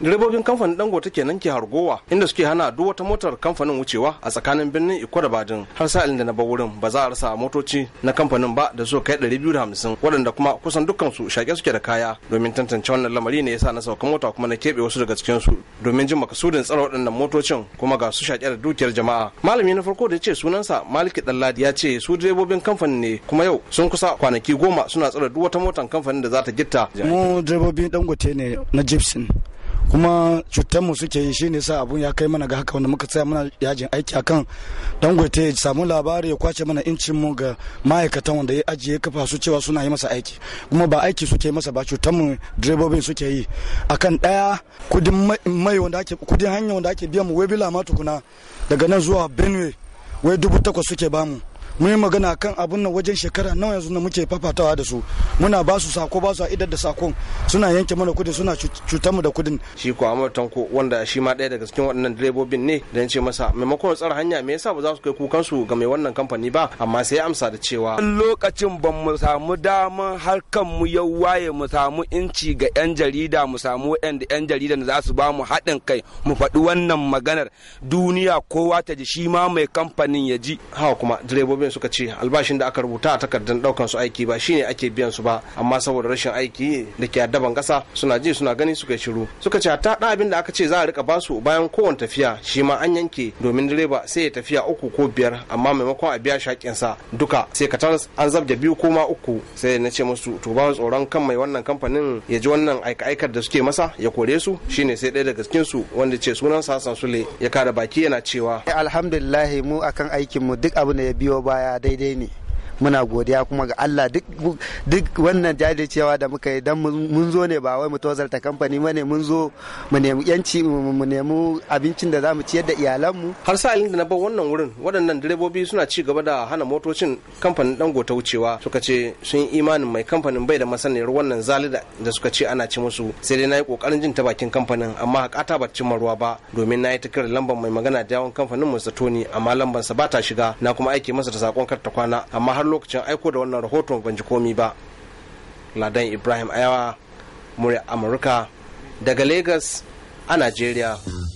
direbobin kamfanin dangote kenan ke hargowa inda suke hana duk wata motar kamfanin wucewa a tsakanin birnin iko da badin har sa'ilin da na ba wurin ba za a rasa motoci na kamfanin ba da suka kai 250 waɗanda kuma kusan dukkan su shaƙe suke da kaya domin tantance wannan lamari ne yasa na sauka mota kuma na keɓe wasu daga cikin su domin jin makasudin tsara waɗannan motocin kuma ga su shaƙe da dukiyar jama'a malami na farko da ya ce sunansa maliki ɗanladi ya ce su direbobin kamfanin ne kuma yau sun kusa kwanaki goma suna tsara duk wata motar kamfanin da za ta gitta mu direbobin dangote ne na gypsum kuma cutar mu suke yi shine sa abun ya kai mana ga haka wanda muka tsaya muna yajin aiki akan dangote ya samu labari ya kwace mana incin mu ga ma'aikatan wanda ya ajiye kafa su cewa suna yi masa aiki kuma ba aiki suke masa ba cutar mu direbobin suke yi akan daya kudin mai wanda ake kudin hanya wanda ake biya mu webila ma tukuna daga nan zuwa Benue wai dubu takwas suke bamu mun yi magana kan abun nan wajen shekara nawa yanzu na muke fafatawa da su muna ba su sako ba su a idar da sakon suna yanke mana kudin suna cutar mu da kudin shi ko Ahmad Tanko wanda shi ma ɗaya daga cikin waɗannan direbobin ne da ce masa maimakon tsara hanya me yasa ba za su kai kukan su ga mai wannan kamfani ba amma sai amsa da cewa lokacin ban mu samu dama har kan mu yau waye mu samu inci ga yan jarida mu samu waɗanda yan jarida za su ba mu haɗin kai mu faɗi wannan maganar duniya kowa ta ji shi ma mai kamfanin ya ji hawa kuma direbobin abin suka ce albashin da aka rubuta a takardar daukan su aiki ba shine ake biyan su ba amma saboda rashin aiki da ke addaban kasa suna ji suna gani suka shiru suka ce hatta da abin da aka ce za a rika basu bayan kowane tafiya shi ma an yanke domin direba sai ya tafiya uku ko biyar amma maimakon a biya shakin sa duka sai ka tar an zabda biyu ko ma uku sai na ce musu to ba tsoron kan mai wannan kamfanin ya ji wannan aika-aikar da suke masa ya kore su shine sai ɗaya daga cikin su wanda ce sunan sa Sule ya kada baki yana cewa alhamdulillah mu akan aikin mu duk abin da ya biyo ba baya daidai ne muna godiya kuma ga Allah duk wannan jajircewa da muka yi don mun zo ne ba wai mu tozarta kamfani ba ne mun zo mu nemi yanci mu nemi abincin da za mu ciyar da iyalanmu har sa'ilin da na bar wannan wurin waɗannan direbobi suna ci gaba da hana motocin kamfanin gota wucewa suka ce sun imanin mai kamfanin bai da masaniyar wannan zali da suka ce ana ci musu sai dai na yi kokarin jin ta bakin kamfanin amma hakata ba cimma ruwa ba domin na yi takar lambar mai magana da yawon kamfanin Mr. Tony amma lambar sa ba ta shiga na kuma aike masa da sakon ta kwana amma har lokacin aiko da wannan rahoton ban ji komi ba ladan ibrahim ayawa murya amurka daga lagos a najeriya